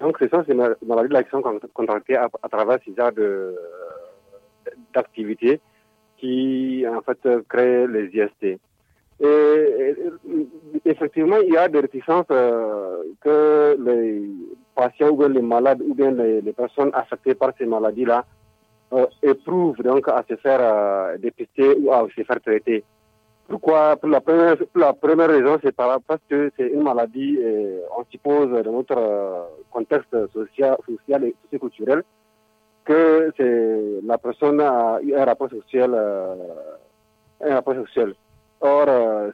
Donc, ce sont ces maladies de l'action contractées à, travers ces genres d'activités qui, en fait, créent les IST. Et, effectivement, il y a des réticences euh, que les patients ou les malades ou bien les, personnes affectées par ces maladies-là euh, éprouvent donc à se faire euh, dépister ou à se faire traiter. Pourquoi pour la, première, la première raison, c'est parce que c'est une maladie, et euh, on suppose, dans notre euh, contexte social, social et culturel que c'est la personne a eu un rapport sexuel, euh, Or,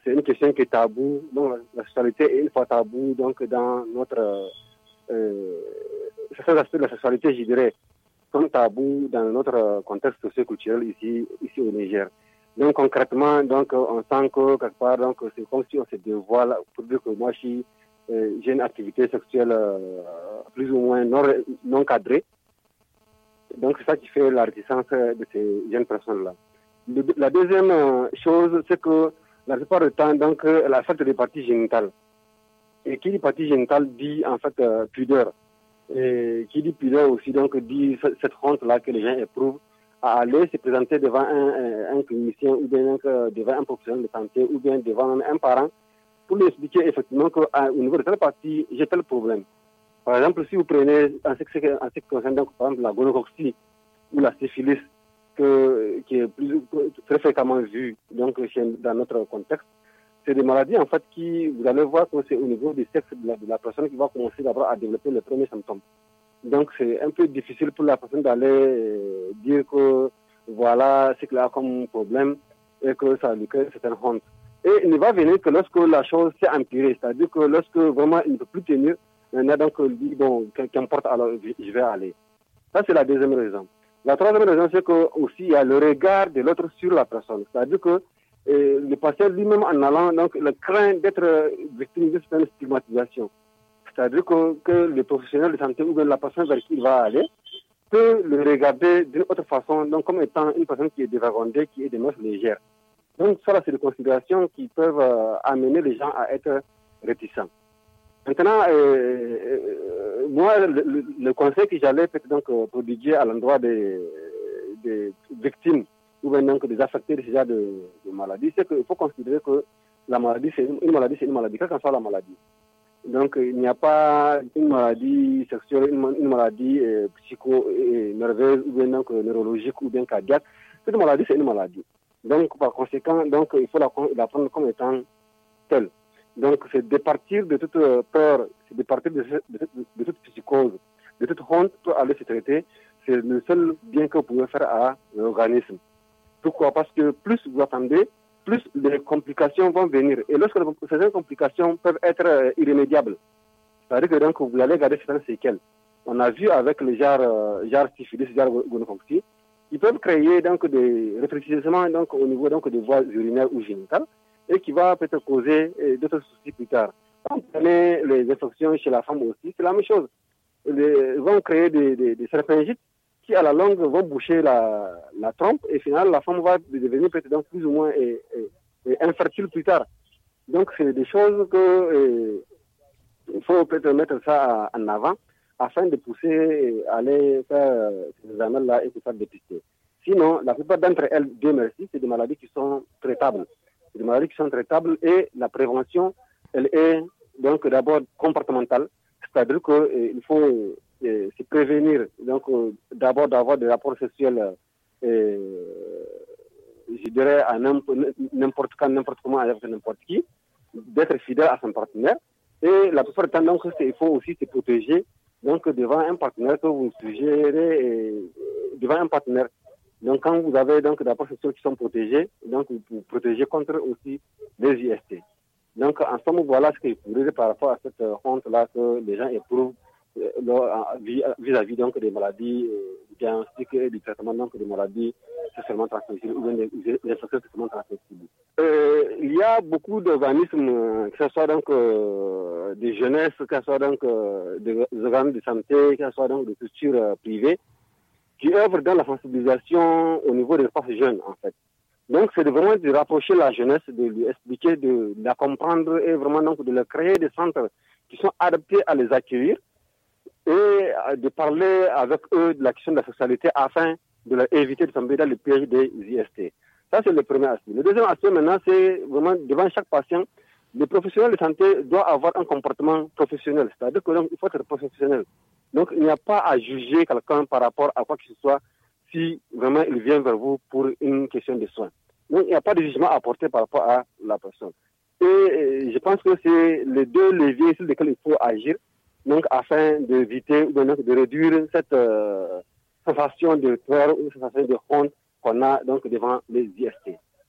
c'est une question qui est taboue. Donc, la sexualité est une fois taboue. Donc, dans notre euh, certains aspects de la sexualité, je dirais, sont tabous dans notre contexte socioculturel ici, ici au Niger. Donc concrètement, donc on sent que quelque part, donc c'est comme si on se dévoile pour dire que moi euh, j'ai une activité sexuelle euh, plus ou moins non, cadrée. Donc c'est ça qui fait la réticence euh, de ces jeunes personnes-là. La deuxième chose, c'est que la plupart du temps, donc la fête des parties génitales. Et qui dit partie génitale dit en fait pudeur. Et qui dit pudeur aussi, donc dit cette honte-là que les gens éprouvent à aller se présenter devant un, euh, un, clinicien ou bien euh, devant un professionnel de santé ou bien devant un parent pour lui expliquer effectivement qu'au ah, niveau de telle partie, j'ai tel problème. Par exemple, si vous prenez en ce qui, concerne la gonorrhée ou la syphilis, que, qui est plus, très fréquemment vue donc, dans notre contexte, c'est des maladies en fait qui, vous allez voir que c'est au niveau du sexe de la, de la personne qui va commencer d'abord à développer les premiers symptômes. Donc c'est un peu difficile pour la personne d'aller euh, dire que voilà ce qu'il a comme problème et que ça lui crée certaines honte. Et il ne va venir que lorsque la chose s'est empirée, c'est-à-dire que lorsque vraiment il ne peut plus tenir, il a donc dit, bon, qu'importe, alors je vais aller. Ça, c'est la deuxième raison. La troisième raison, c'est que aussi il y a le regard de l'autre sur la personne. C'est-à-dire que euh, le patient lui-même en allant, donc, le craint d'être victime de certaines stigmatisation. C'est-à-dire que, le professionnel de santé ou la personne vers qui il va aller peut le regarder d'une autre façon, donc comme étant une personne qui est dévagondée, qui est de mœurs légères. Donc ça, c'est des considérations qui peuvent euh, amener les gens à être réticents. Maintenant, euh, euh, moi, le, conseil que j'allais peut donc prodiguer à l'endroit des, victimes ou bien des affectés de ce de, maladie, c'est qu'il faut considérer que la maladie, c'est une, maladie, c'est une maladie, quelle qu'en soit la maladie. Donc, euh, il n'y a pas une maladie sexuelle, une, maladie euh, psycho-nerveuse, euh, ou bien neurologique, ou bien cardiaque. Cette maladie, c'est une maladie. Donc, par conséquent, donc, il faut la, prendre comme étant telle. Donc, c'est départir de toute peur, c'est départir partir de, de, toute psychose, de toute honte pour aller se traiter. C'est le seul bien que vous pouvez faire à l'organisme. Pourquoi Parce que plus vous attendez, plus les complications vont venir. Et lorsque ces complications peuvent être euh, irrémédiables, c'est-à-dire que vous allez garder certaines séquelles. On a vu avec le genre, euh, le syphilis, genre ils peuvent créer donc des rétrécissements donc au niveau donc des voies urinaires ou génitales et qui va peut-être causer euh, d'autres soucis plus tard. Quand les infections chez la femme aussi, c'est la même chose. Ils vont créer des, des, des qui à la longue vont boucher la, la trompe et finalement la femme va devenir peut-être plus ou moins et, infertile plus tard. Donc c'est des choses que il faut peut-être mettre ça en avant afin de pousser à aller faire euh, ces examens-là et se faire dépister. Sinon, la plupart d'entre elles, Dieu merci, c'est des maladies qui sont traitables. C'est des maladies qui sont traitables et la prévention, elle est donc d'abord comportementale, c'est-à-dire qu'il faut c'est prévenir, donc euh, d'abord d'avoir des rapports sexuels, euh, euh, je dirais, à n'importe quand, n'importe comment, avec n'importe qui, d'être fidèle à son partenaire. Et la plupart du temps, il faut aussi se protéger donc, devant un partenaire que vous suggérez, devant un partenaire. Donc, quand vous avez donc, des rapports sexuels qui sont protégés, donc, vous, protégez contre aussi les IST. Donc, en somme, voilà ce que faut dire par rapport à cette honte-là que les gens éprouvent euh, euh, vis-à-vis donc des maladies, bien euh, et du traitement donc des maladies sexuellement transmissibles ou bien des transmissibles. il y a beaucoup d'organismes, que ce soit donc des jeunesse, que soit donc des organes de santé, que soit donc des structures privées, qui œuvrent dans la sensibilisation au niveau des forces jeunes en fait. Donc c'est vraiment de rapprocher la jeunesse, de lui expliquer, de, de la comprendre et vraiment donc de leur créer des centres qui sont adaptés à les accueillir et de parler avec eux de la question de la sexualité afin de leur éviter de, tomber dans le piège des IST. Ça, c'est le premier aspect. Le deuxième aspect, maintenant, c'est vraiment devant chaque patient, le professionnel de santé doit avoir un comportement professionnel. C'est-à-dire qu'il faut être professionnel. Donc, il n'y a pas à juger quelqu'un par rapport à quoi que ce soit si vraiment il vient vers vous pour une question de soins. Donc, il n'y a pas de jugement à porter par rapport à la personne. Et euh, je pense que c'est les deux leviers sur lesquels il faut agir donc afin d'éviter ou de réduire cette euh, sensation de peur ou sensation de honte qu'on a donc devant les IST.